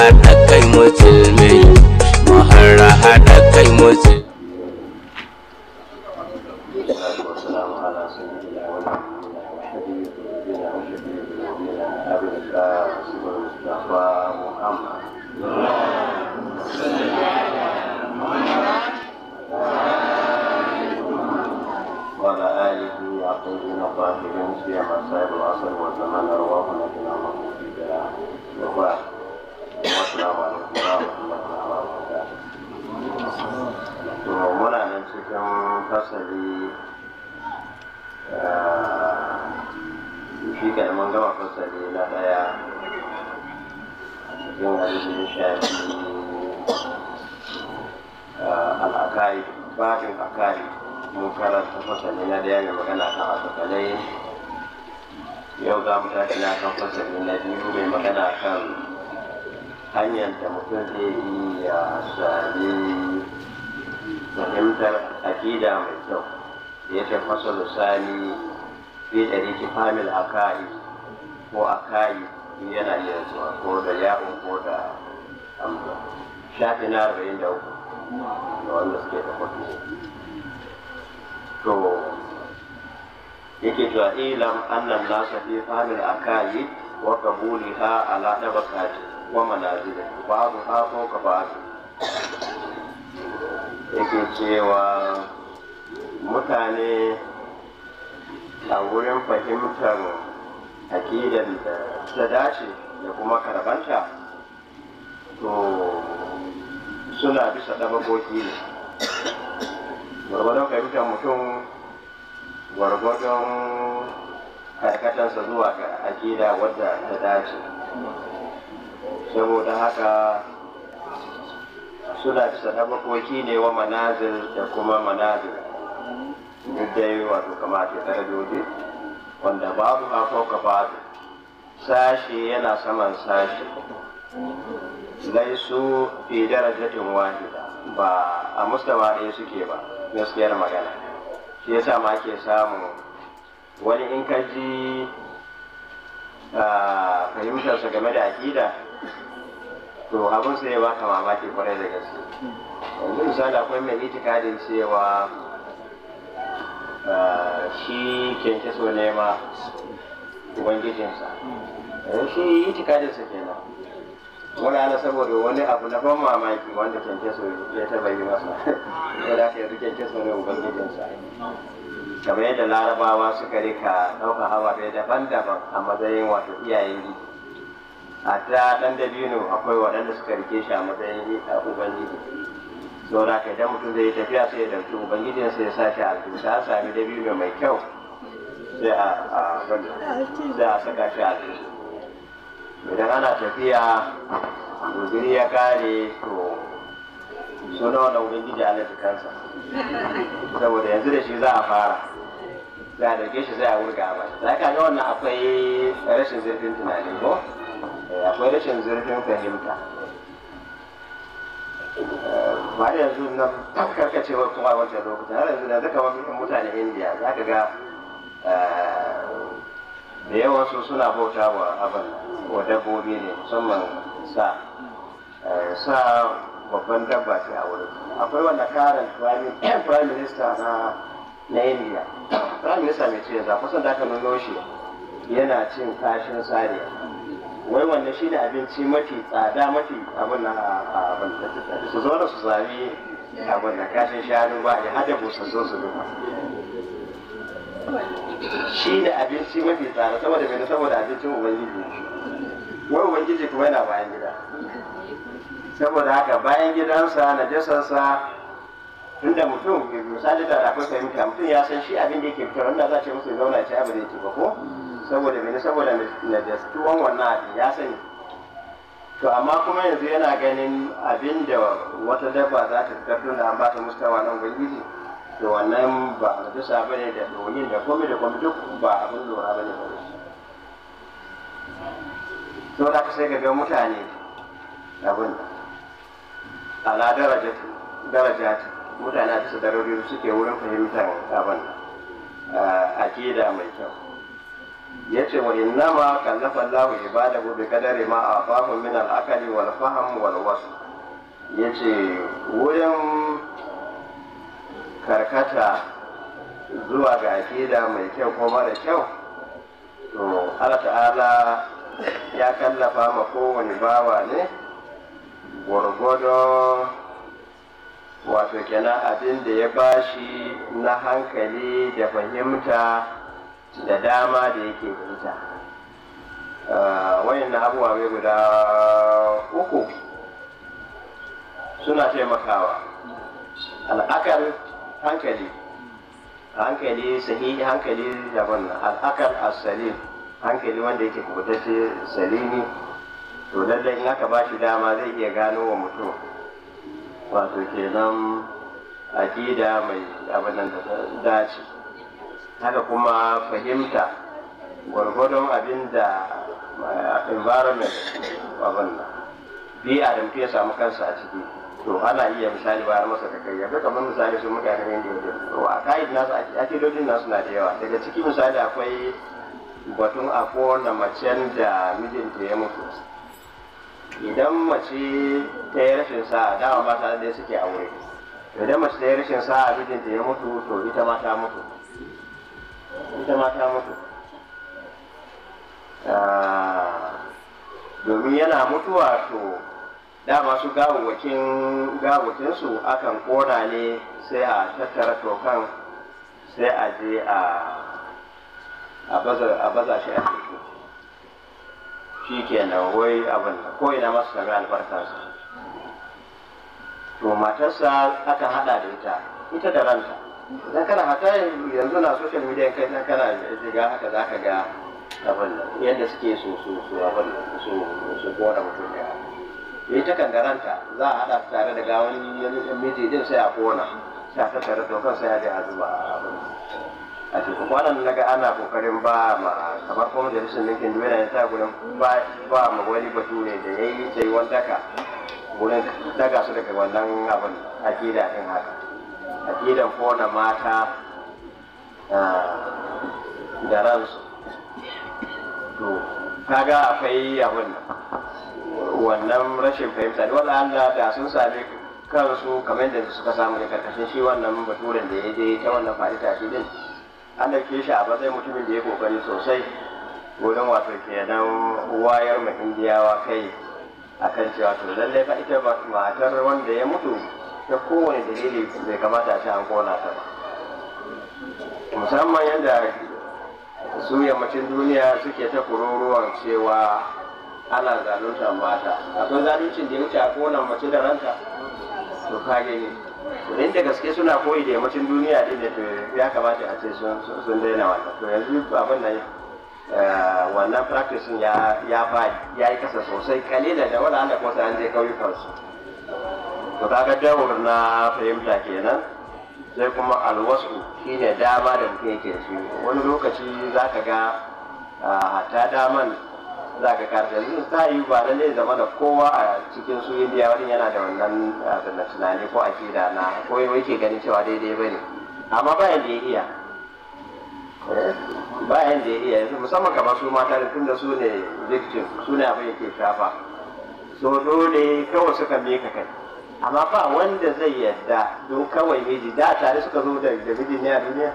haɗa kai musulmi mu har da kai musulmi ina kan fasali na biyu mai magana kan hanyar da mutum zai yi ya sami fahimtar akida mai kyau da ya ce fasalu sani fi ɗari ki famil akai ko akai yana iya zuwa ko da ya'un ko da amsa shafi na arba'in da uku da wanda suke da kwafi to yake cewa ilam annan nasa fi fahimil akayi wa ha ala bakati wa manazil babu ha fawqa babu yake cewa mutane a wurin fahimtar aƙidar da ta dace da kuma karbanta to suna bisa ɗabagogi ne gwargwadon fahimtar mutum gwargwadon karkatarsa zuwa ga aƙida wadda ta dace saboda haka suna bisa ne wa manazir da kuma manazir duk dai wato kamata ya darajoji wanda babu a ka babu sashe yana saman sashe laisu fi darajatin wahida ba a mustawa ɗaya suke ba gaskiyar magana shi yasa ma ke samu wani in ka ji ah, fahimtarsa game da aƙida to abin sai ya baka mamaki kwarai da gaske yanzu misali akwai mai itikadin cewa ah, shi kyanke so nema ubangijinsa shi itikadinsa kenan wala na saboda wani abu na ban mamaki wanda kyankyaso ya taba yi masa ko da yanzu kyankyaso ne ubangijinsa kamar yadda larabawa suka rika ɗaukar hawaye daban-daban a matsayin wato iyayen gidi a ta ɗan dabino akwai waɗanda suka rike shi a matsayin a ubangiji sau da ka idan mutum zai tafiya sai ya ɗauki ubangijinsa ya sa shi a dusa sami dabino mai kyau sai a saka shi a dusa idan ana tafiya guziri ya kare to suna wannan ubangiji Allah ta kansa saboda yanzu da shi za a fara za a dauke shi za a wurga ba za ka ga wannan akwai rashin zurfin tunani ko eh, akwai rashin zurfin fahimta ba eh, da yanzu nan karkacewa kuma wancan lokacin har yanzu da zaka wani mutane indiya za ka ga eh, da yawan su suna bauta wa abin wa dabbobi ne musamman sa eh, sa babban dabba ce a wurin akwai wanda karin prime minister na na india prime minister mai ce yanzu kusan da aka nuno shi yana cin kashin sariya wai wanda shi ne abinci mafi tsada mafi abin na abin da su zo da su sami abin da kashin shanu ba ya hada zo su duka shi ne abinci mafi tsara saboda mai saboda abincin ubangiji wai ubangiji kuma yana bayan gida saboda haka bayan gidansa na jasansa tunda mutum misali da akwai fahimta mutum ya san shi abin da yake fitar wanda za ce musu zauna ce abu da yake ba ko saboda mai saboda na jastuwan wannan abin ya sani to amma kuma yanzu yana ganin abin da wata dabba za ta fitar tunda an ba ta mustawa nan ubangiji to wannan ba na tusa ba ne da domin da komai da komai duk ba abin lura ba ne ba to da ka sai ga ga mutane abin ala daraja daraja mutane a bisa darori suke wurin fahimtar abin eh, akida mai kyau ya ce wa inna ma kallafa Allahu ibadahu bi qadari ma afahu min al-aqli wal fahm wal wasf yace wurin karkata zuwa ga aƙida mai kyau ko mara kyau to Allah ta'ala ya kallafa ma kowane bawa ne gwargwado wato kenan abin da ya bashi na hankali da fahimta da dama da yake da ita ah, wayan na abuwa mai guda uku suna taimakawa al'akar hankali hankali sahihi hankali daban al'akal as-salim hankali wanda yake kubutacce salimi to lallai in aka bashi dama zai iya gano wa mutum wato kenan akida mai abin da dace haka kuma fahimta gwargwadon abin da eh, environment abin nan biya da mutum ya samu kansa a ciki to ana iya misali bayar masa ka kai yaga kamar misali su mutanen indiya to a kaid nasu a kilodin nasu na da yawa daga ciki misali akwai batun afo na macen da mijinta ya mutu idan mace ta yi rashin sa dama mata da suke aure idan mace ta yi rashin sa mijinta ya mutu to ita ma ta mutu ita ma ta mutu ah, domin yana mutuwa to dama su gawawakin su akan kona ne sai a tattara tokan sai a je a baza shi a teku shi kenan wai abin ko ina masu sami albarkarsa to matarsa aka hada da ita ita da ranta dan kana hata yanzu na social media kai dan kana jiga haka zaka ga abin yadda suke so so so abin so so ko mutum ya ya kan ta kangaranta za a haɗa tare da gawan yan mijijin sai a kona sai a tattara kan sai a je a a cikin kwanan na ga ana kokarin ba ma kamar kuma da rashin linkin duniya ya sa gurin ba ma wani ne da ya yi wanda daka wurin daga su daga wannan abin akida ɗin haka ko kona mata ah, da ransu to kaga akwai abin nan wannan rashin fahimta da wala Allah da sun sami kansu kamar da suka samu da karkashin shi wannan baturen da ya je ta wannan faɗi shi din an ke shi a matsayin mutumin da ya kokari sosai wurin wato kenan wayar ma indiyawa kai akan cewa to lallai ba ita ba matar wanda ya mutu ta kowane dalili bai kamata a ci kona ta ba musamman yadda su yammacin duniya suke ta kururuwan cewa ana zaluntar mata akwai zaluncin da ya wuce a kona mace da ranta to ka gani in da gaske suna koyi da yammacin duniya din da to ya kamata a ce sun daina wannan to yanzu abin nan eh, wannan practice ya ya fadi ya yi kasa sosai kalila da wala Allah ko sai an je kauyukansu to kaga wurin na fahimta kenan sai kuma alwasu shine dama da mutum yake su wani lokaci za ka ga ah, ta daman za ka karta yanzu ta yi ba da zai zama da kowa a cikin su biya wani yana da wannan da tunani ko akida na ko ke ganin cewa daidai ba ne amma bayan da ya iya eh? ba da ya iya yanzu musamman kamar su mata tun da su ne victim su ne abin yake shafa so dole kawai suka meka kai amma ba wanda zai yadda don kawai miji da tare suka zo da miji ne a duniya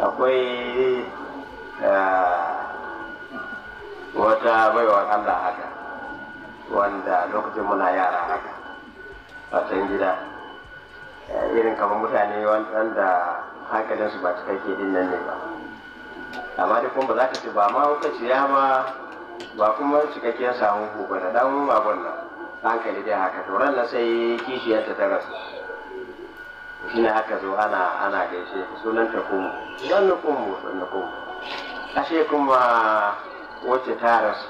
akwai eh, wata baiwar Allah haka wanda lokacin muna yara haka a can gida eh, irin kamar mutane wanda hankalinsu ba cikakke din nan ne ba amma duk kuma ba za ka ce ba ma hukaci ya ma ba kuma cikakken samun kuka da damun abun nan hankali dai haka to ran sai kishiyarta ta rasu shi ne haka zo ana ana gaishe sunanta kuma dan na kuma dan na kuma ashe kuma wacce ta rasu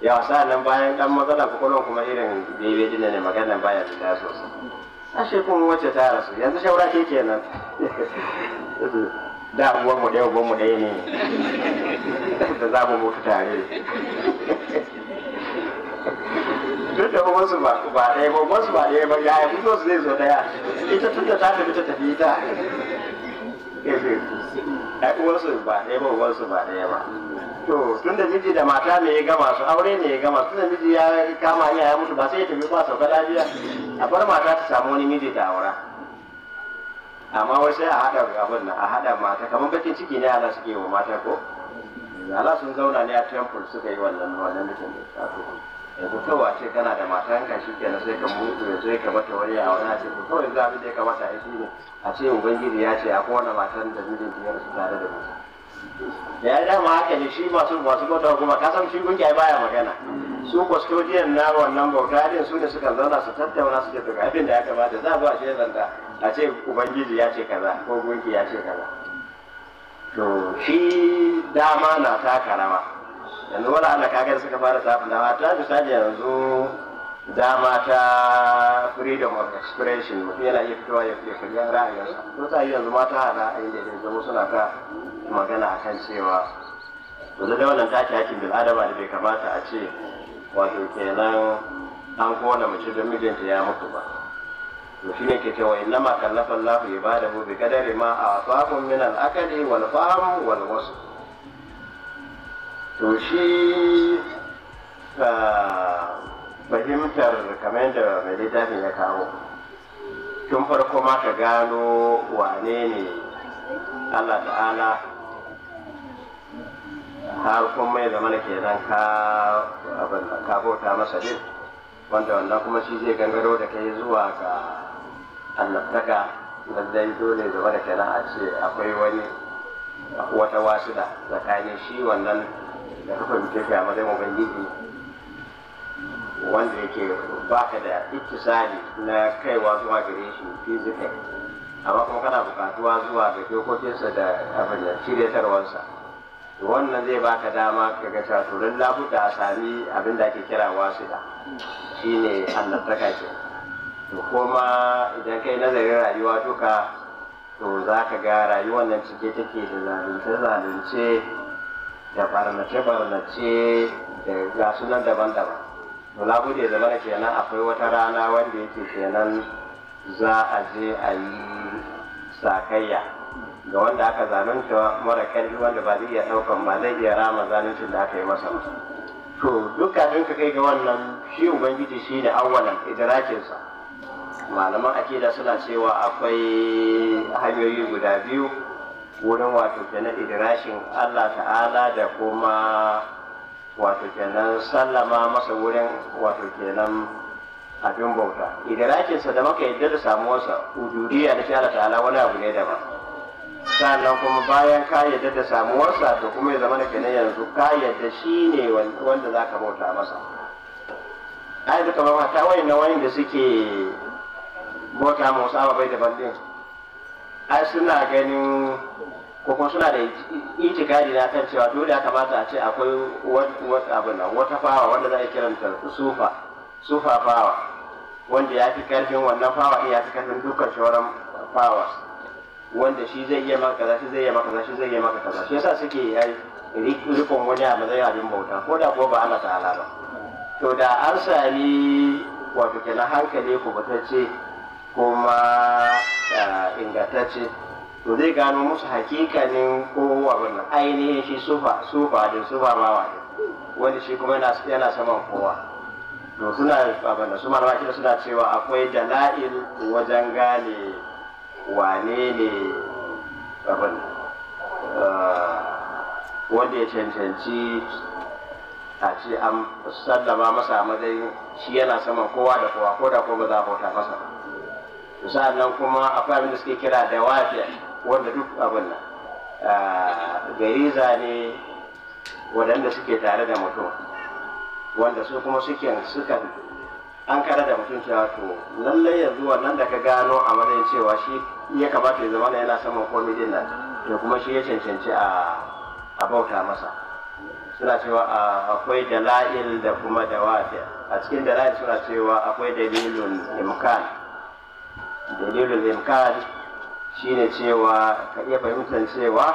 ya wasa nan bayan dan matsalar kwakwalwar kuma irin daidai dina ne maganar baya fita sosai ashe kuma wacce ta rasu yanzu shaura ke kenan da uwan mu ɗaya uwan mu ɗaya ne da za mu mutu tare duk da wasu ba ba ɗaya ba su ba ɗaya ba yaya mutu su zai zo ɗaya ita tun da ta tafi ta tafi ita ai su ba ɗaya ba su ba ɗaya ba to tun da miji da mata ne ya gama su aure ne ya gama tun da miji ya kama iya ya mutu ba sai ya tafi ba sauka lafiya a bar mata ta samu wani miji da aura amma wai sai a haɗa abin nan a haɗa mata kamar bakin ciki ne ala suke wa mata ko ala sun zauna ne a temple suka yi wannan wannan mutum ya ku kawai ce kana da mata yanka shi kenan sai ka mutu ya sai ka mata wani a wani a ce kawai zabi da ya kamata a yi shi ne a ce ubangiji ya ce akwai wani matan da mijin ya rasu tare da mutum da ya dama haka ne shi masu masu bauta kuma kasan shi kungiya baya magana su custodian na wannan bauta din su ne suka zauna su tattauna su tafi abin da ya kamata za a ba shi zanta a ce ubangiji ya ce kaza ko gunki ya ce kaza to shi dama na ta karama yanzu wala Allah kaga suka fara tsafi dama ta misali yanzu dama ta freedom of expression mutum yana iya fitowa ya fiye ra'ayinsa to ta yi yanzu mata hana a yi da yanzu suna ta magana a kan cewa yanzu da wannan tashi hakin bil adama da bai kamata a ce wato kenan an kowane mace don mijinta ya mutu ba to shi ne ke cewa inna ma kallafa Allah mu bi qadari ma a min al aqli wal fahm wal wasu to shi ah, fahimtar kamar da mai littafin ya kawo tun farko ma ka gano wane ne Allah ta'ala har kuma ya zama kenan ka bauta masa din wanda wannan kuma shi zai gangaro da kai zuwa ga annabtaka lallai dole zama da kenan a ce akwai wani wata wasu da tsakanin shi wannan da ka fahimce shi a matsayin ubangiji wanda yake baka da ikisali na kaiwa zuwa gare shi fizikai amma kuma kana bukatuwa zuwa ga dokokinsa da abin da shiryatarwarsa wannan zai baka dama ka ga cewa labu a sami abin da ake kira wasila shine annabtaka ke to kuma idan kai nazarin rayuwa duka to za ka ga rayuwar nan cike take da zalunce-zalunce da barnace-barnace da gasu nan daban-daban to labu da zama da kenan akwai wata rana wanda yake kenan za a je a yi sakayya ga wanda aka zanen zalunta mara ƙarfi wanda ba zai iya ɗaukan ba zai iya rama zaluncin da aka yi masa to duk kafin ka kai ga wannan shi ubangiji shi ne awwalan idrakinsa malaman akida suna cewa akwai hanyoyi guda biyu wurin wato kenan idrashin allah ta'ala da kuma wato kenan sallama masa wurin wato kenan abin bauta idrakinsa da maka yadda da samuwarsa ujudiya na shi allah ta'ala wani abu ne daban sannan kuma bayan ka yadda da samuwarsa to kuma ya zama da kenan yanzu ka yadda shi ne wanda za ka bauta masa ai duka ba ta wayan na wayan da suke bauta musu ababai daban din ai suna ganin ko kuma suna da itikadi na kan cewa dole ya kamata a ce akwai wata abin nan wata fawa wanda za a kiranta sufa sufa fawa wanda ya fi karfin wannan fawa ya fi karfin dukkan shawaran fawa wanda shi zai iya maka kaza shi zai iya maka kaza shi zai iya maka kaza shi yasa suke rikon wani a matsayin abin bauta ko da kuwa ba Allah ta'ala ba to da an sami wato kenan hankali kubatacce kuma ingantacce to zai gano musu hakikanin kowa wani ainihin shi sufa sufa din sufa ma wani wanda shi kuma yana saman kowa to suna abin da su malama suna cewa akwai dala'il wajen gane wane ne abin eh, wanda ya cancanci a ce an sallama masa matsayin shi yana saman kowa da kowa ko da ko ba za a bauta masa nan kuma akwai abin da suke kira da wafiya wanda duk abin nan eh, gariza ne waɗanda suke tare da mutum wanda su kuma suke suka an kare da mutum cewa to lallai yanzu wannan da ka gano a matsayin cewa shi ya kamata ya zama yana saman komai din nan to kuma shi ya cancanci a bauta masa suna cewa akwai dala'il da kuma dawafi a cikin dala'il suna cewa akwai dalilun imkan dalilun imkan ne cewa ka iya fahimtar cewa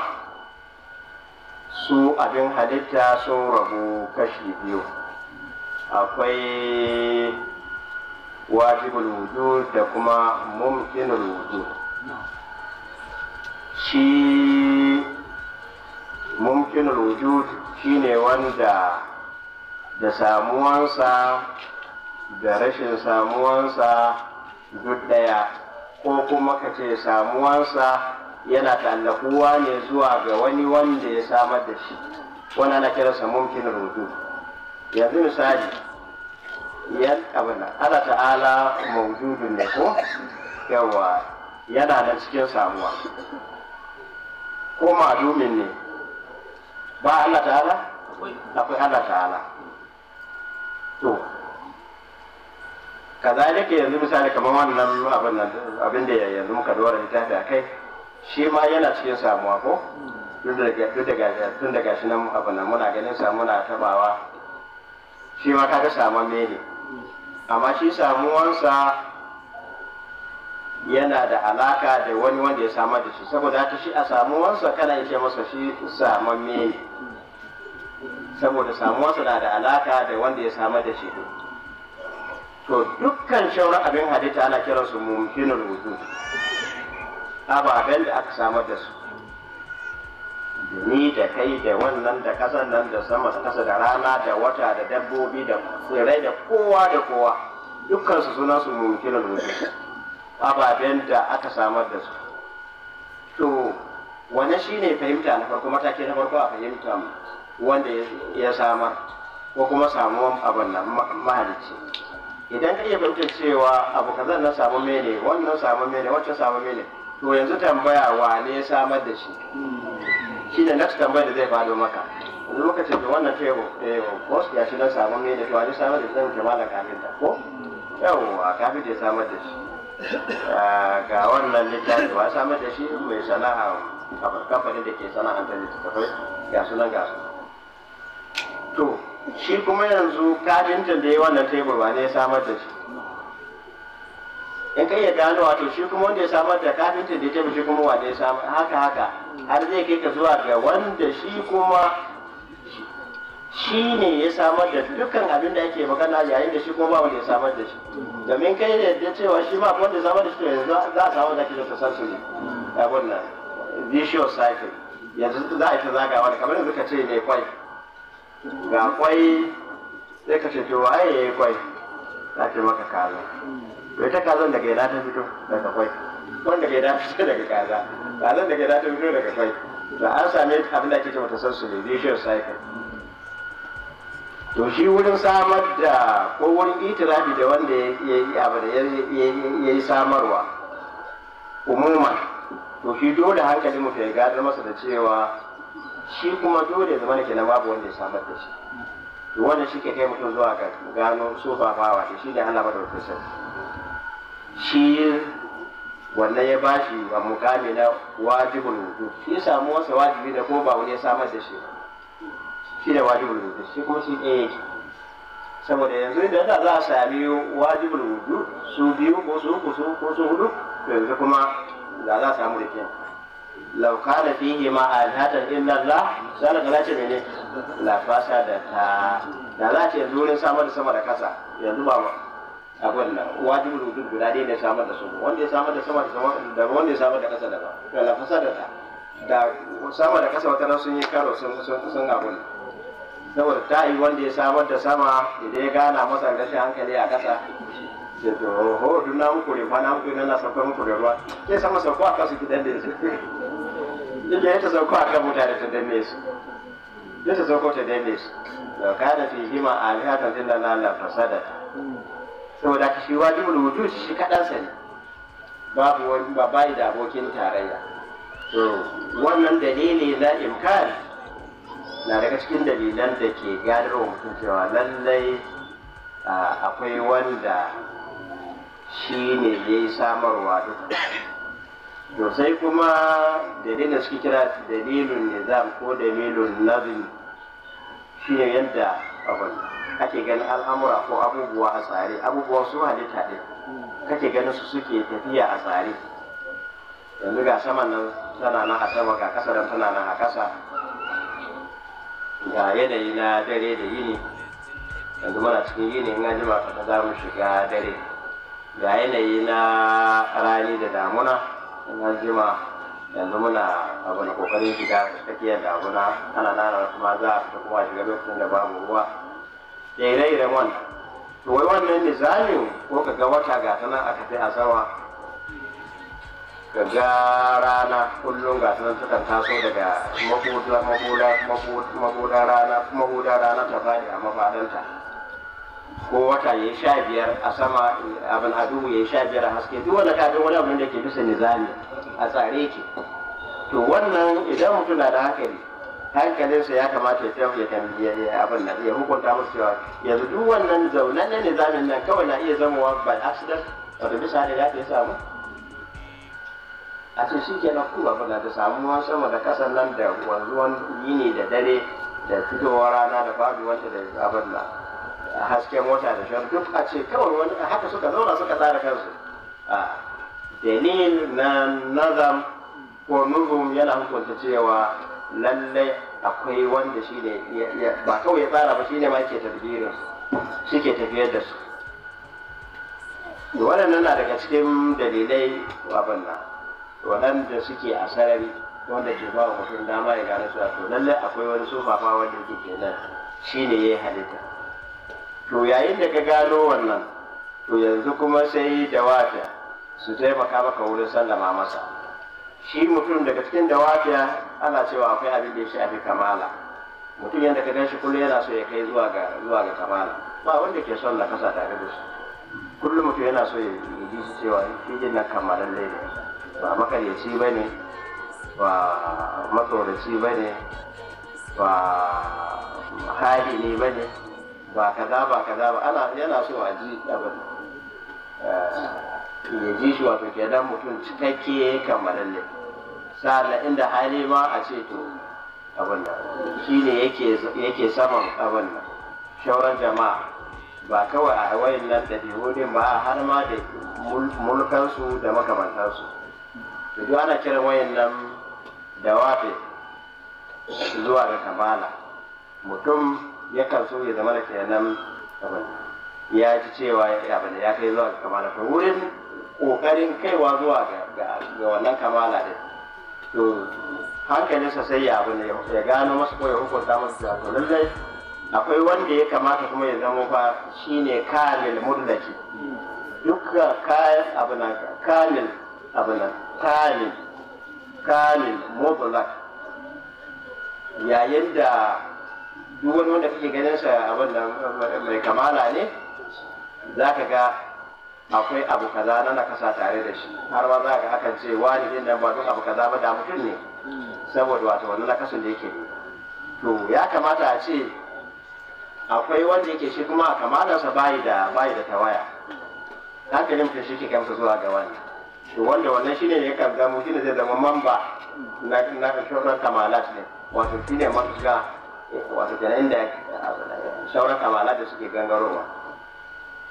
su abin halitta sun rabu kashi biyu akwai wajibul wujud da kuma mumkinul wujud shi mumkin wujud shine wanda da samuwansa da rashin samuwansa duk ɗaya, ko kuma ka ce samuwansa yana tallafuwa ne zuwa ga wani wanda ya samar da shi wani ana kiransa mumkin wujud yanzu misali yan abin ala ta'ala mawjudun ne ko yawa yana da cikin samuwa ko ma'adumin ne ba Allah ta'ala akwai Allah ta'ala to yake yanzu misali kamar wannan abin nan abin da yanzu muka dora littafi a kai shi ma yana cikin samuwa ko tun daga shi nan abin nan muna ganin samu na tabawa shi ma kaga samuwa ne amma shi samuwansa yana da alaka da wani wanda ya samar da shi saboda ta shi a samuwarsa kana ya ce masa shi samamme ne saboda samuwarsa na da alaka da wanda ya samar da shi to dukkan shauran abin halitta ana kiran su mumkinul wujud ababen da aka samar da su ni da kai da wannan da kasan nan da sama da kasa da rana da wata da dabbobi da tsirai da kowa da kowa dukkan su sunan su mumkinul wudu ababen da aka samar da su to wane shi ne fahimta na farko mataki na farko a fahimta wanda ya samar ko kuma samuwan abin nan mahalicci idan ka iya fahimtar cewa abu kaza na samu mene wannan samu mene wancan samu mene to yanzu tambaya wane ya samar da shi shi ne next tambaya da zai fado maka yanzu muka ce wannan tebo eh boss ya shi na samu mene to a ji samar da shi zan kamala kafin ta ko yawwa kafin da ya samar da shi Ah, ga wannan littafi ba samar da shi mai sana'a kamfanin da ke sana'antar littattafai ga nan ga to shi kuma yanzu kafinta da ya wannan tebur ba ne ya samar da shi in kai ya gano wato shi kuma wanda ya samar da kafinta da ya tebur shi kuma wanda ya samar haka haka har zai kai ka zuwa ga wanda shi kuma shi ne ya samar da dukkan abin da ake magana yayin da shi ko ba wanda ya samar da shi domin kai da yadda cewa shi ba wanda ya samar da shi yanzu za a samar da shi da ne abin nan vicious cycle yanzu za a ita zagawa da kamar yanzu ka ce ne kwai ga kwai sai ka ce to ai yayi kwai za ce maka kaza to ita kazan daga ina ta fito daga kwai wanda ke da fito daga kaza kazan daga ina ta fito daga kwai da an same abin da ake ce mata ne vicious cycle to shi wurin samar da ko wurin itirafi da wanda ya yi ya yi samarwa umuman to shi dole hankali mu ya gadar masa da cewa shi kuma dole zama da na babu wanda ya samar da shi to wanda shi ke kai mutum zuwa ga gano sofafawa da shi ne Allah da sarki shi wannan ya bashi a mukami na wajibin wudu shi samu wasa wajibi da ko ba wani ya samar da shi ba shi ne wajibul wudu shi kuma shi ɗaya yake saboda yanzu idan da za a sami wajibul wudu su biyu ko su uku su ko su hudu to yanzu kuma da za a samu rikin law da fihi ma a alhatan illa Allah sai da lace ne, la fasa da ta da za ce yanzu wurin samar da sama da kasa yanzu ba a nan wajibul wudu guda ɗaya ne samar da su wanda ya samar da sama da sama da wanda ya samar da kasa da ba la fasa da ta da sama da kasa wata sun yi karo sun sun sun abun saboda ta yi wanda ya samar da sama idan ya gana masa rashin hankali a ƙasa ce to ho duna muku ne kwana muku na sauka muku da ruwa ke sama sauko a kasu gidan da su yake ta sauko a kan mutane ta danne su ya ta sauko ta danne su da da fi hima a ta tilla na Allah fasada saboda ka shi wajibul wujud shi kadan sa ne babu wani ba da abokin tarayya to wannan dalili na imkani na daga cikin dalilan da ke gadar wa mutum cewa lallai akwai wanda shi ne ya yi samarwa duk to sai kuma dalilin suke kira dalilin nizam ko dalilin nazin shi ne yadda ake ganin al'amura ko abubuwa a tsare abubuwa su halitta ɗin kake ganin su suke tafiya a tsare yanzu ga saman nan tana nan a sama ga kasa tana nan a kasa ga yanayi na dare da yini yanzu muna cikin yini in an jima kaɗan za mu shiga dare ga yanayi na rani da damuna in an jima yanzu muna abu da kokarin shiga tsakiyar damuna ana nana kuma za a fita kuma shiga lokacin da babu ruwa da ire-iren wannan to wai wannan misalin ko ka ga wata gata nan aka fi a sama ga rana kullum ga sunan suka taso daga mabuda mabuda rana mahuda rana ta fadi a mafadanta ko wata ya sha biyar a sama abin adu ya sha biyar a haske duk wanda ka wani abin da ke bisa nizami a tsare ke to wannan idan mutum na da hankali hankalinsa ya kamata ya tafi ya tambaye abin nan ya hukunta musu cewa yanzu duk wannan zaunan ne nizamin nan kawai na iya zama ba accident wato bisa da ya samu a ce shi ke na ba da samuwa sama da kasa nan da wanzuwan yini da dare da fitowa rana da wanda da abin da hasken wata da shan duk a ce kawai wani haka suka zauna suka tsara kansu a denil na nazam ko nuzum yana hukunta cewa lallai akwai wanda shi ne ba kawai ya tsara ba shi ne ma ke tafiyar shi ke da su na daga cikin dalilai abin waɗanda suke a sarari wanda ke ba mutum dama ya gane su to lallai akwai wani sufafa wanda ke kenan shine ya yi halitta to yayin da ka gano wannan to yanzu kuma sai dawafiya su taimaka maka wurin sallama masa shi mutum daga cikin dawafiya ana cewa akwai abin da ya shafi kamala mutum yadda ka ganshi kullum yana so ya kai zuwa ga zuwa ga kamala ba wanda ke son na kasa tare da su, kullum mutum yana so ya ji cewa shi jin na kamalan laifin ba makayyaci ba ne ba matsoraci ba ne ba hari ne ba ne ba kaza ba kaza ba ana yana so a ji abin eh, ya ji shi wato ke dan mutum cikakke kammalalle sa'ala inda hali ma a ce to abin nan shi ne yake saman abin nan shauran jama'a ba kawai a wayan nan da ba har ma da mulkansu da makamantansu duk ana kiran wayannan dawafe zuwa ga kamala mutum kan so ya zama da kenan ya ji cewa abin ya kai zuwa ga kamala to wurin kokarin kaiwa zuwa ga wannan kamala da to hankalinsa sai ya abin ya gano masu ko ya hukunta masu da to lallai akwai wanda ya kamata kuma ya zama fa shine kamil mudlaki dukkan kayan abin kamil abin nan kamil kamil mutlaq yayin da duk wani wanda kake ganin sa abin da mai kamala ne za ka ga akwai abu kaza na nakasa tare da shi har ma za ka akan ce wani din da ba duk abu kaza ba da mutum ne saboda wato wannan nakasun da yake to ya kamata a ce akwai wanda yake shi kuma kamalarsa bayi da bayi da tawaya hankalin mutum shi ke kamsa zuwa ga wani to wanda wannan shine ya kan zama shine zai zama mamba na na shauran kamalat ne wato shine matuka wato kenan inda shauran kamalat da suke gangarowa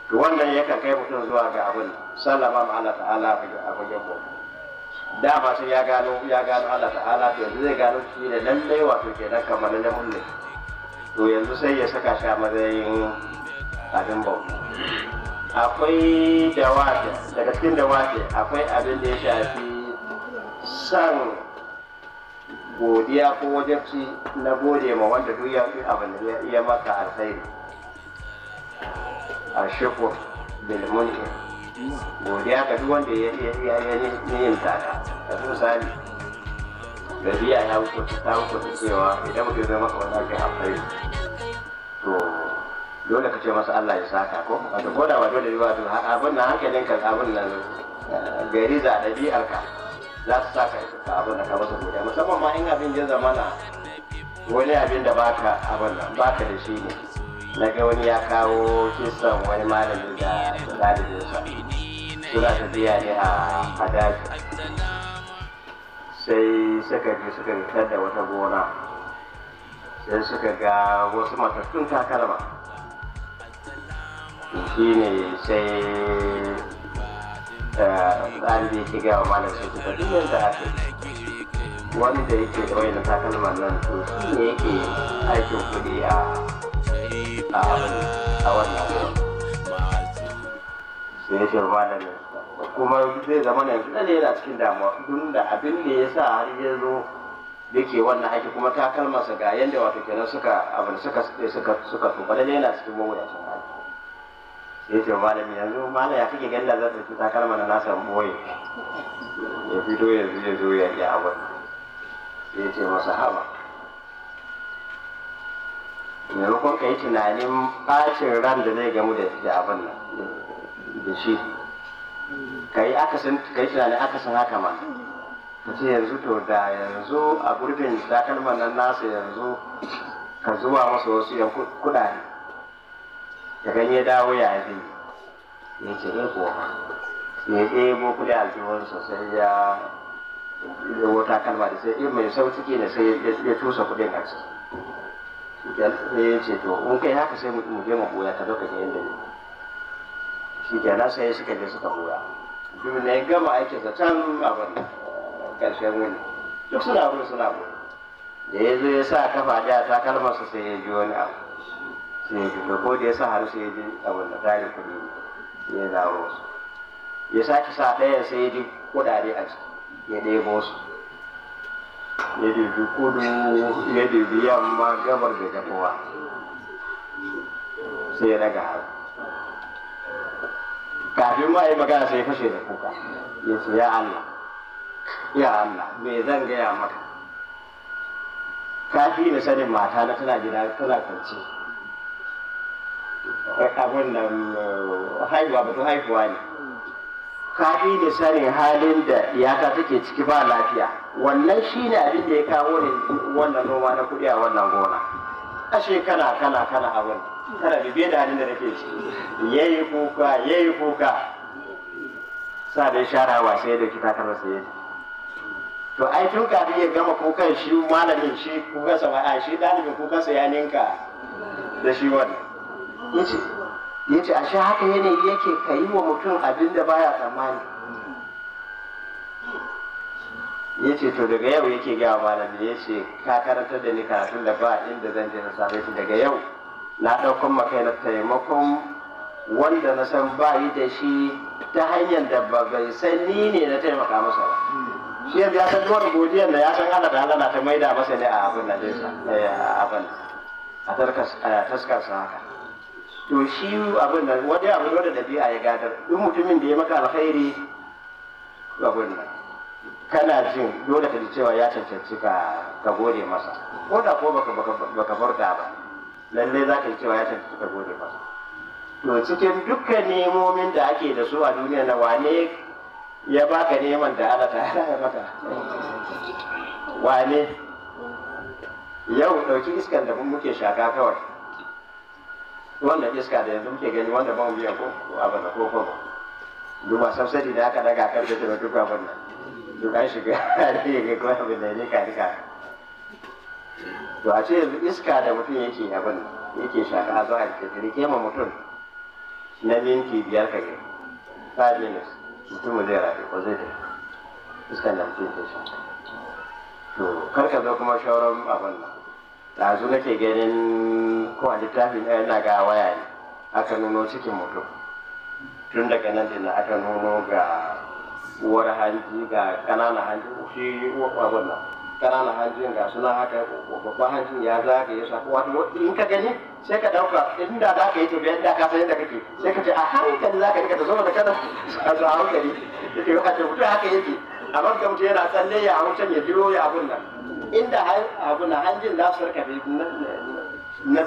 to wannan ya kan kai mutum zuwa ga abin sallama ma Allah ta'ala a fagen da dama sun ya gano ya gano Allah ta'ala to yanzu zai gano shi da dai wato kenan kamar na mulki to yanzu sai ya saka shi a matsayin abin bauta akwai dawaɗi daga cikin dawaɗi akwai abin da ya shafi san godiya ko wajabci na gode ma wanda duk ya fi abin da ya maka alkhairi a shukur bil godiya ga duk wanda ya yin taka da misali da biya ya hukunta cewa idan mutum zai maka wani alkhairi to dole ka ce masa Allah ya saka ko wato ko da ba dole ba to abin nan hankalin ka abin nan eh, gari za ɗabi'ar ka za su saka ka abin nan ka masa godiya musamman ma in abin ya zamana wani abin da baka abin nan baka da shi ne na ga wani ya kawo kisan wani malamin da ɗalibinsa suna tafiya ne a daji sai suka je suka fitar da wata gona sai suka ga wasu matattun takalma shi ne sai ɗalibi eh, ke gaya wa malam sai ta duk yadda ake wanda yake da wayan takalman nan to shi ne aikin kuɗi a a wannan sai shi malam kuma zai zama ne yana cikin damuwa duk da abin da ya sa har ya zo da ke wannan aiki kuma takalmasa ga yadda wato kenan suka abin suka suka suka tuba da yana cikin mawuyacin hali Yace ce malami yanzu mala ya kake ganda da zan ɗauki takalma na nasa boye ya fito yanzu ya zo ya yi abu yace ce masa haba maimakon ka yi tunanin ɓacin ran da zai gamu da abin nan da shi ka yi tunanin akasin haka ma ka ce yanzu to da yanzu a gurbin takalman nan nasa yanzu ka zuwa masa wasu yan kudade daga ya dawo ya zai ya ce ya kowa ya ɗebo kuɗi aljihun sosai ya yi wata kalma da sai mai sautuki ne sai ya tusa kuɗin a ciki ya ce to in kai haka sai mu je mu doka ta yin da ne shi ke na sai suka je suka buya. duk na gama aikin sa can abin karshen wuni duk suna abin suna abin da ya zo ya sa kafa da ta kalmarsa sai ya ji wani abu sai fito ko da ya sa har sai ya ji abin da tarin kuɗi ya zaro su ya sake sa ɗayan sai ya ji kuɗaɗe a ciki ya ɗebo su ya dubi kudu ya dubi yamma gabar bai ga sai ya daga hannu kafin ma yi magana sai ya fashe da kuka ya ce ya Allah ya Allah me zan gaya maka kafi da sanin mata na tana gida tana kwanci Eh, abin nan eh, haihuwa batun haihuwa ne kafi da sanin halin da iyaka take ciki ba lafiya wannan shi ne abin da ya kawo ne wannan noma na kuɗi a wannan gona ashe kana kana kana abin kana bibiye da halin da nake ciki yi kuka ya yi kuka sa da shara wa sai da kita kana sai to ai tun kafin ya gama kukan shi malamin shi kukansa ba a shi dalibin kukansa ya ninka da shi wannan ya ce shi haka yanayi yake ka yi wa mutum abin da baya tsammani ya ce to daga yau yake gaya malami ya ce ka karantar da ni karatun da ba inda zan je na same shi daga yau na ɗaukan makai na taimakon wanda na san bayi da shi ta hanyar da ba bai san ne na taimaka masa ba shi yanzu ya san duwar godiyar da ya san ana da na ta maida masa ne a abin da eh, a abin a taskarsa haka to shi abin da wani abin da dabi'a ya gadar in mutumin da ya maka alkhairi abin nan kana jin dole ka ji cewa ya cancanci ka ka gode masa ko da ko baka baka furta ba lalle za ka yi cewa ya cancanci ka gode masa to cikin dukkan nemomin da ake da su a duniya na wane ya baka neman da Allah ta ya maka wane yau dauki iskan da muke shaka kawai wannan iska da yanzu muke gani wanda ban biya ko a bana ko ko duba subsidy da aka daga kan da duk abin nan duk an shiga ne ga kuma abin da ne ka duka to a ce yanzu iska da mutum yake abin yake shaka a zuwa ke kema mutum na minti biyar ka ke. five minutes mutum zai rafi ko zai tafi iskan da mutum ke shaka to kar ka zo kuma shawarar abin nan ɗazu nake ganin ko a littafin ɗaya na ga waya ne aka nuno cikin mutum tun daga nan dina aka nuno ga uwar hanji ga ƙananan hanji shi abin nan ƙananan hanjin ga suna haka babba hanjin ya ka ya sako wata in ka gani sai ka ɗauka inda za ka yi tafiya inda ka san yadda kake sai ka ce a hankali za ka rika ta zama da kada a zuwa hankali yake haka mutum haka yake amma ga mutum yana tsalle ya hau can ya biyo ya abin nan inda abu na hanjin za su rika na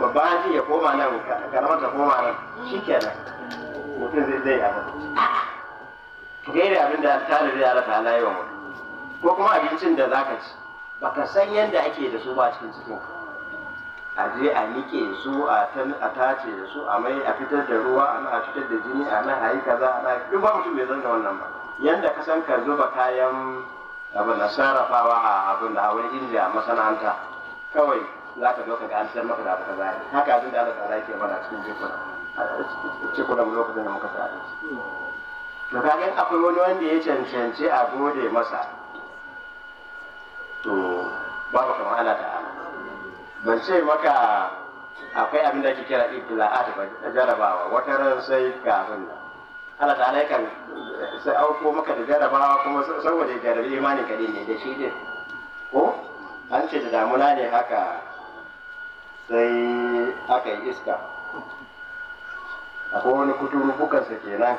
babban hanji ya koma nan karamar ta koma nan shi kenan mutum zai zai abin gaira abin da tare da yara ta wa mutum ko kuma abincin da zaka ci baka san yadda ake da su ba cikin cikin a je a nike su a tace da su a mai a fitar da ruwa a fitar da jini a nan a yi kaza a nan duk ba mutum bai zanga wannan ba yanda ka san ka zuba kayan abin da sarrafawa a abin da hawan injiya masana'anta kawai za ka zo ka ga an sayar maka da abu zai haka abin da Allah ta ke mana cikin jikuna cikin mu lokacin da muka sa abinci ka kaga akwai wani wanda ya cancanci a gode masa to babu kamar ana ta, ban ce maka akwai abin da ake kira ibtila'at ba jarabawa wata ran sai kafin nan Allah ta alaikan sai auko maka da jarabawa kuma saboda jarabi imani ka ne da shi din ko an ce da damuna ne haka sai aka yi iska akwai wani kuturu bukansa kenan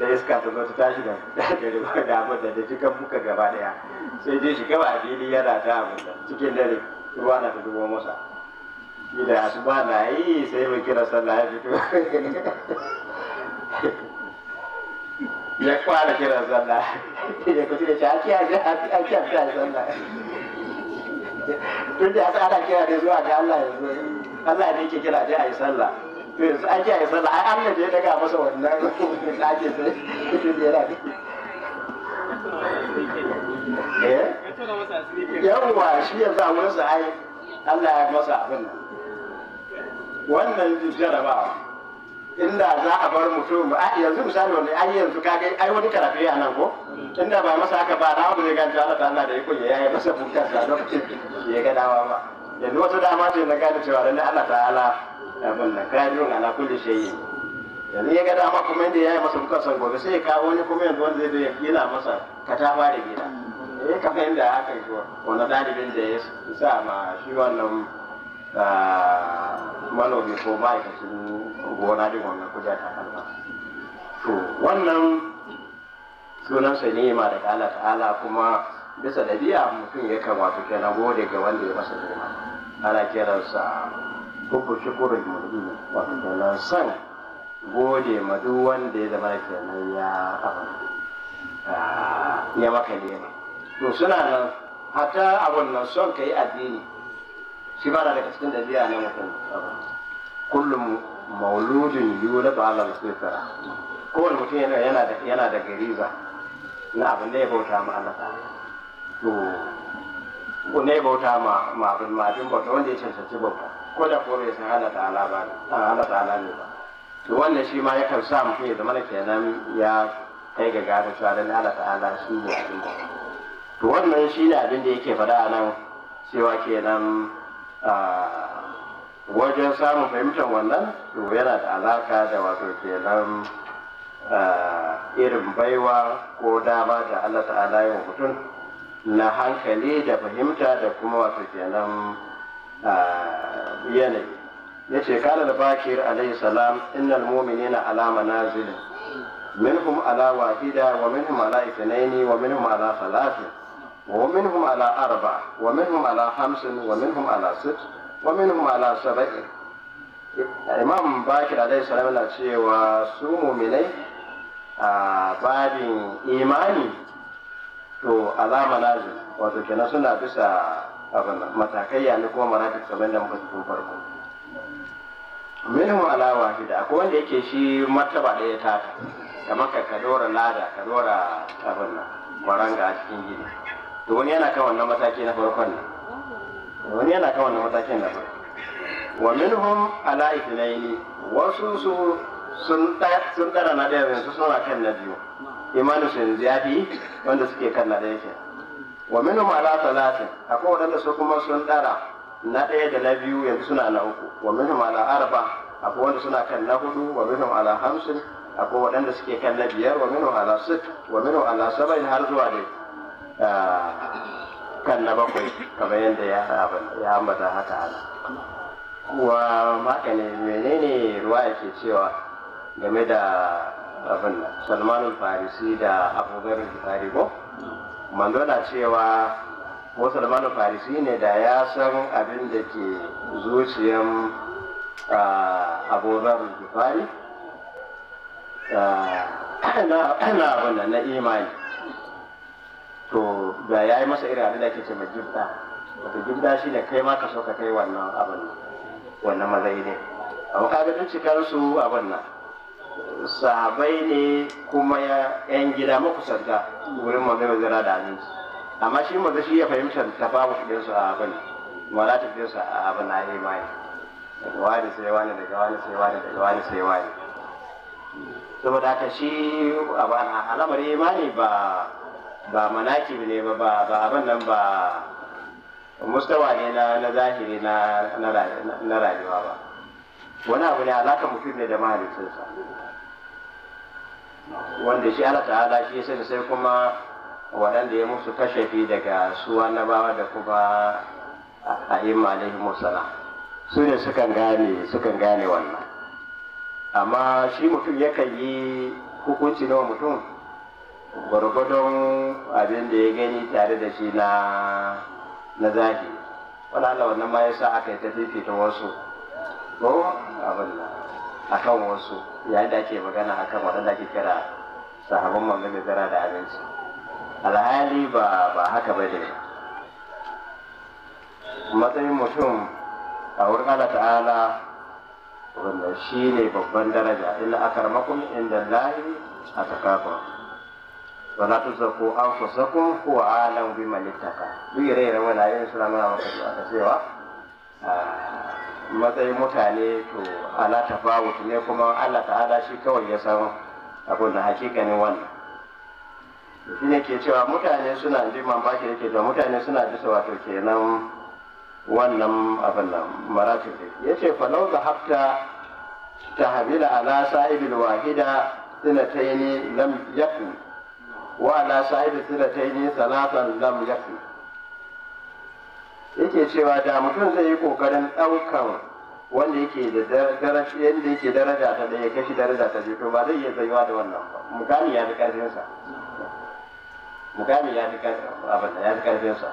sai iska ta zo ta tashi da da damar da da jikan buka gaba daya sai dai shi gaba a fili yana ta abu cikin dare ruwa na ta dubo masa Ida da asuba na yi sai mu kira sallah ya fito ya fara kiran zalla ya kusa da shi a kiyar da zalla tun da ya aka ana kira da zuwa ga Allah yanzu Allah ne yake kira dai a yi sallah yanzu an ji a yi sallah ai Allah ne ya daga masa wannan ake sai tun da yana eh yawwa shi ya za wurin sa'ai Allah ya masa abin wannan jarabawa inda za a bar mutum yanzu misali wanda ai yanzu ka ga ai wani karafe a nan ko inda ba masa haka ba na abu ne ganta Allah Allah da yake ya yi masa bukar da lokacin ya ga dawa ba yanzu wata dama ce na gane cewa ni Allah ta'ala abin nan kadirun ala kulli shay'in yanzu ya ga dama kuma inda ya yi masa bukar san gobe sai ya kawo wani kuma yanzu wanda zai ya gina masa ka ta da gida eh kafa inda aka yi wani dalibin da ya sa ma shi wannan ko ma'aikacin gona din wannan sunansa daga Allah kuma bisa dabi'a mutum ya kenan gode ga wanda ya ma duk wanda ya zama kenan ya kafa ya maka to suna nan hatta abun nan son kai addini shi ba daga cikin ɗabi'a ne mutum kullum mauludin yula ba ala fitra kowane mutum yana yana da yana da gariza na abin da ya bauta ma Allah to ko ne bauta ma ma abin ma abin bauta wanda ya cancanci bauta ko da ko bai san Allah ta'ala ba Allah ta'ala ne ba to wannan shi ma yakan sa mutum ya zama kenan ya kai ga gada cewa dan Allah ta'ala shi ne abin to wannan shi ne abin da yake faɗa a nan cewa kenan wajen samun fahimtar wannan to yana da alaka da wato kenan irin baiwa ko dama da Allah ta'ala yi mutum na hankali da fahimta da kuma wato kenan yanayi ya ce kala da bakir alaihi salam innal na alama manazilin minhum ala wahida wa minhum ala ithnaini wa minhum ala salatin ومنهم على أربع ومنهم على خمس ومنهم على ست ومنهم على سبع imam bakir alaihi salam na cewa su muminai a babin imani to alama wato kenan suna bisa abin matakai ya ne kuma maratib kamar da muka cikin farko minhum ala wahida akwai wanda yake shi martaba ɗaya taka kamar ka ka dora lada ka dora abin a cikin gini to wani yana kan wannan mataki na farkon ne wani yana kan wannan matakin na farko wa minhum ala ithnaini wasu su sun sun tsara na daya yanzu suna kan na biyu imanu sun zafi wanda suke kan na daya ke wa minhum ala talatin akwai waɗanda su kuma sun tsara na daya da na biyu yanzu suna na uku wa minhum ala arba akwai wanda suna kan na hudu wa minhum ala hamsin akwai waɗanda suke kan na biyar wa minhum ala sit wa minhum ala saba'in har zuwa dai kan na bakwai kamar yadda ya ambata haka ana wa magani menene ruwa yake cewa game da abin salmanul farisi da Abubakar bukari ko manzo na cewa musulmanul farisi ne da ya san abin da ke zuciyan Abubakar bukari na abin na imani to ga ya yi masa irin abin da ake ce mai jibda wato jibda shi ne kai ma ka so ka kai wannan abin wannan mazai ne amma kaga duk cikar su abin nan sahabai ne kuma ya yan gida makusanta wurin manzo mai zira da hannun amma shi manzo shi ya fahimta ta din su a abin ta din su a abin na mai daga wani sai wani daga wani sai wani daga wani sai wani saboda haka shi a bana alamar imani ba ba Manaki ne ba ba abin nan ba mustawa ne na zahiri na rayuwa ba wani abu ne alaka mutum ne da mahalicinsa wanda shi Allah ta'ala shi sai sai kuma waɗanda ya musu kashafi daga su annabawa da kuma a imma alaihi musala su ne sukan gane sukan gane wannan amma shi mutum yakan yi hukunci na mutum gwargwadon abin da ya gani tare da shi na na zahiri wala wannan ma yasa aka yi ta fifita wasu ko abin a kan wasu yayin da ake magana a kan waɗanda ake kira sahabin mamman mai zara da abinci alhali ba ba haka ba ne matsayin mutum a wurin Allah ta'ala wanda shi ne babban daraja illa akarmakum inda lahi a takakon wala tuzaku anfusakum huwa a'lamu biman ittaka duk wala iren wannan suna wata zuwa ta cewa ah, matsayin mutane to ala tafawut ne kuma Allah ta'ala shi kawai ya san abin da hakikanin wannan shi ne ke cewa mutane suna ji baki yake da mutane suna ji wato kenan wannan abin nan ne ya ce falau da hafta ta habila ala sa'ibil wahida sinataini lam yakun yi nisa سنتين ثلاثا لم يكن yake cewa da mutum zai yi kokarin ɗaukan wanda yake da daraja yadda yake daraja ta ɗaya kashi daraja ta biyu ba zai iya tsayuwa da wannan ba mukami ya fi ƙarfinsa mukami ya fi ƙarfinsa ya fi ƙarfinsa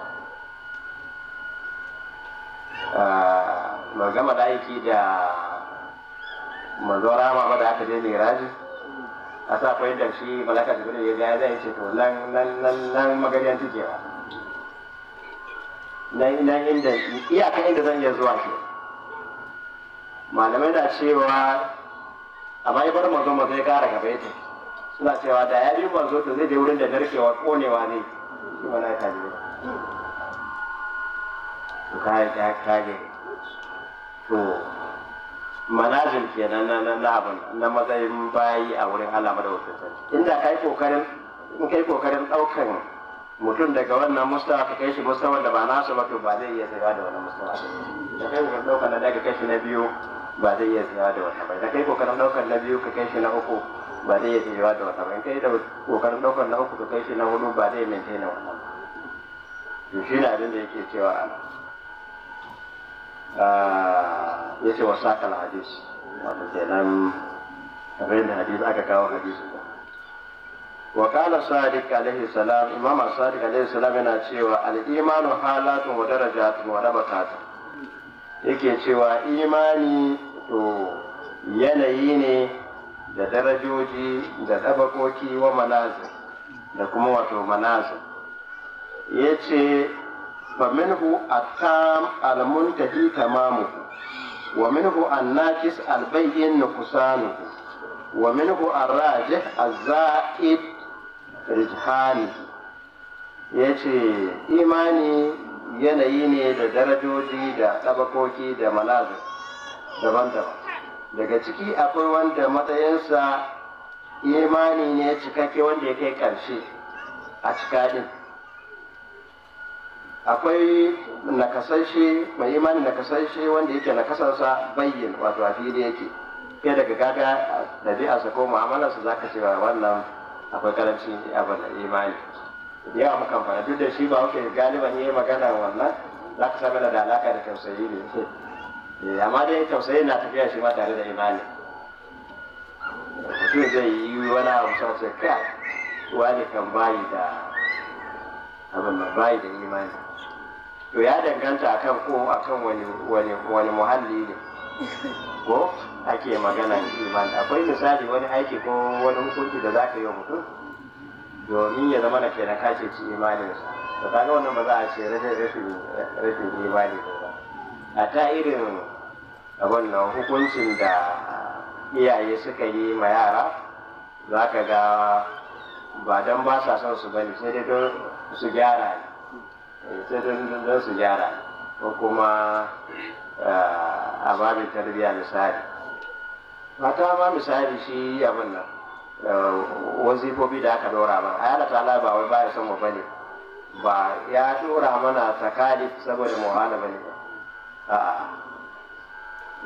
magama da aiki da manzo rama ba da aka je ne rajis a sa akwai da shi malaka da gudu ya ga zai ce to nan nan nan nan magariyan take ba nan nan inda iyaka inda zan iya zuwa ke malamai na cewa a ya bar mazo mazo ya kara gaba ya suna cewa da ya bi mazo to zai je wurin da narkewa konewa ne shi malaka ne to kare ta kage to manazin kenan na na abin na matsayin bayi a wurin Allah wasu sarki inda kai kokarin in kai kokarin daukan mutum daga wannan mustawa ka kai shi mustawa da ba nasu ba to ba zai iya tsaya da wannan mustawa da kai kokarin daukan na daga kai shi na biyu ba zai iya tsaya da wannan ba da kai kokarin daukan na biyu ka kai shi na uku ba zai iya tsaya da wannan ba in kai da kokarin daukan na uku ka kai shi na hudu ba zai mintaina wannan ba to shi ne abin da yake cewa a Eh, ya ce wasu akal hadis wato kenan kamar yadda hadis aka kawo hadis wa kala sadiq alaihi salam imam sadiq alaihi salam yana cewa al-imanu halatun wa darajatun wa nabaqatun yake cewa imani to yanayi ne da darajoji da dabakoki wa manazir da kuma wato manazir ya ce فمنه التام المنتهي تمامه ومنه الناكس البين نقصانه ومنه الراجح الزائد رجحانه yace إيماني yanayi da darajoji da tabakoki da manazir daban-daban daga ciki akwai wanda matsayinsa imani ne cikakke wanda ya kai ƙarshe a cika akwai nakasashe mai imani nakasashe wanda yake nakasarsa bayyin wato a fili yake fiye daga gaga sa ko mu'amala za zaka cewa wannan akwai karanci abin da imani yawa mukan fara duk da shi ba wuce galiban yi magana wannan za ka sami da alaka da tausayi ne eh, amma dai tausayi na tafiya shi ma tare da imani mutum zai yi wani abu sa ce kai wani kan bayi da abin da bayi da imani to ya danganta akan ko akan wani wani wani muhalli ne ko ake magana iman akwai misali wani aiki ko wani hukunci da zaka yi wa mutum domin ya zama na ke na ce ci imaninsa to kaga wannan ba za a ce rashin rashin imani ba a ta irin abin nan hukuncin da iyaye suka yi ma yara za ka ga ba don ba sa son su bane sai dai don su gyara ne sai don su gyara ko kuma eh, a babin tarbiyya misali mata ma misali shi abin nan eh, wazifofi da aka dora mana yana ta ba wai baya son mu bane ba ya dora mana takali saboda mu bane ba a'a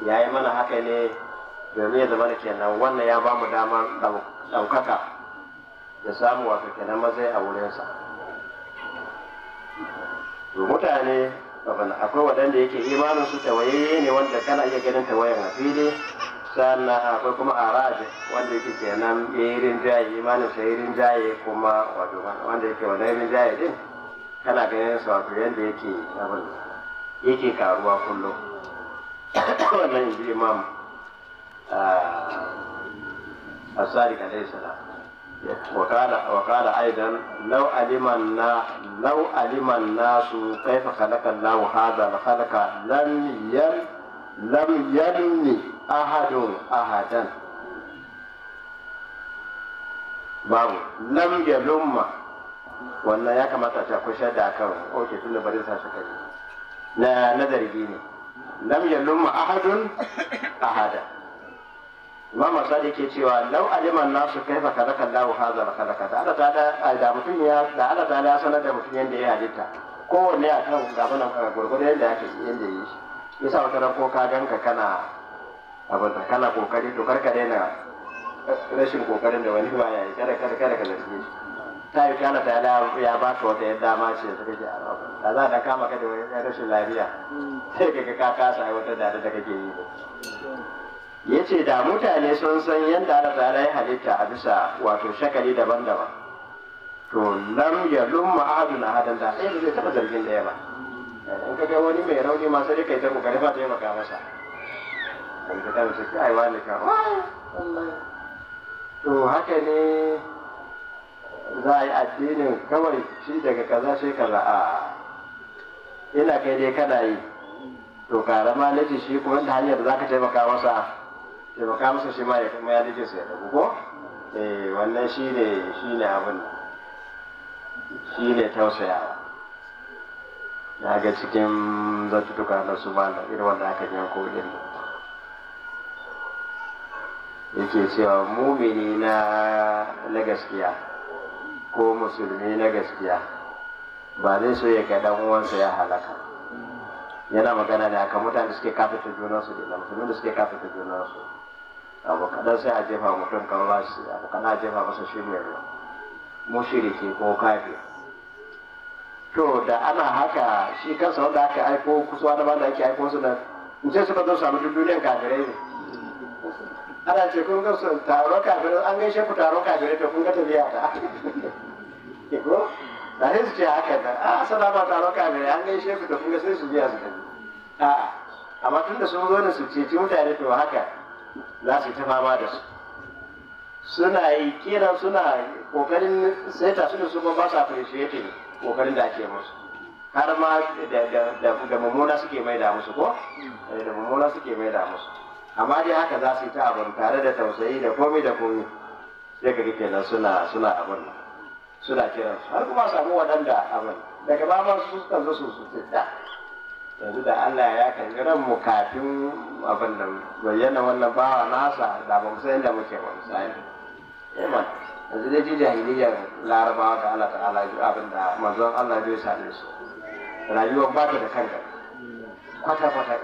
yayi mana haka ne domin ya zama da kenan wannan ya ba mu damar ɗaukaka da samu wato kenan mazai a wurinsa to mutane abin akwai waɗanda yake imanin su tawayayye ne wanda kana iya ganin tawayan a fili sannan akwai kuma arabi wanda yake kenan irin jaye imanin sa yirin jaye kuma wato wanda yake wanda irin jaye din kana ganin sa wato yanda yake abin yake karuwa kullum wannan imam a ah, sadiq alaihi salam وقال وقال ايضا لو علمنا لو علم الناس كيف خلق الله هذا الخلق لم يل لم يلم احد احدا babu lam ya lumma wannan ya kamata ta kusa da kan oke tun da bari sashi kai na nazari ne lam ya lumma ahadun ahada imam masadi ke cewa lau aliman nasu kaifa kaza kallahu hadha wa kaza kaza Allah ta da mutum ya da Allah da sanar da mutum yanda ya halitta kowanne a kan gaban eh, gurgurda yanda yake yanda yi shi yasa wata ran ko ka ganka kana abin da kana kokari to karka daina eh, rashin kokarin da wani baya yi kada kada kada ka zarge shi ta yi kana ta ya ba ta wata yadda ma ce ta kake da za ka kama ka da rashin lafiya sai ka ka kasa wata da da kake yi ya ce da mutane sun san yadda Allah ta'ala ya halitta a bisa wato shakali daban-daban to nan ya lumma na ahadan da ɗaya zai taɓa zargin ɗaya ba in ka ga wani mai rauni masu rika ta ko karfa ta yi maka masa kan ka tabbata ki ai wani ka to haka ne za a yi addinin kawai shi daga kaza sai kaza a ina kai dai kana yi to karama na shi kuma wanda hanyar da za ka taimaka masa taimaka masa shi ma ya kuma ya dace su ya ko eh wannan shi ne shi ne abin shi ne tausayawa na ga cikin zartutuka na su ba na irin wanda aka ko irin yake cewa mumini na na gaskiya ko musulmi na gaskiya ba zai so ya ga dan uwansa ya halaka yana magana da aka mutane suke kafita junansu da musulmi da suke kafita junansu abu kaɗan sai a jefa mutum kan bashi abu kaɗan a jefa masa shi mai ruwa mushiriki ko kafi to da ana haka shi kansa wanda aka aiko kusa da banda ake aiko su da sai suka zo samu duk duniyan kafirai ne ana ce kun ga sun taro kafirai an gaishe ku taro kafirai to kun ga tafiya ta ko da sai su ce haka da a salama taro kafirai an gaishe ku to kun ga sai su biya su tafi a'a amma tun da sun zo da su ceci mutane to haka za su ta fama da su suna yi kiran suna kokarin saita su da su ba su appreciating kokarin da ake musu har ma da mummuna suke mai da musu ko da mummuna suke mai da musu amma dai haka za su yi ta abin tare da tausayi da komai da komai sai ka nan suna suna abin suna kiran su har kuma samu waɗanda abin daga ba su suka zo su su da yanzu da Allah ya ran mu kafin abin da bayyana wannan bawa nasa da ba mu san yadda muke ba misali iman eh, yanzu dai ji jahiliyar larabawa da Allah ta'ala ji abin da manzon Allah bai same su rayuwar ba ta da kanka kwata kwata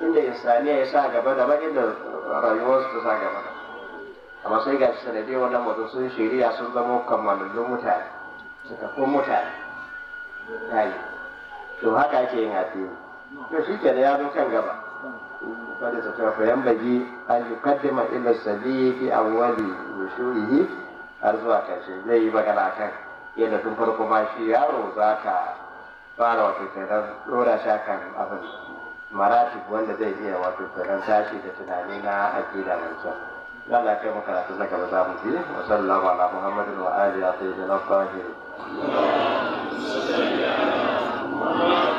inda insaniya ya sa gaba da ba inda rayuwarsu ta sa gaba amma sai ga sanadiyar wannan mutum sun shirya sun zama kammalallun mutane cikakkun mutane ta yi to haka ake yin addini to shi ke da ya zo kan gaba kada su ta yan baji an yi kaddama ila sabi fi awwali nushurihi har zuwa kashi zai yi magana kan yadda tun farko ma shi yaro za ka fara wato kenan dora shi kan abin marati wanda zai iya wato kenan tashi da tunani na aƙida mai kyau لا لا كما كانت لك بزعم فيه وسلم على محمد وآله طيب الطاهرين Allah.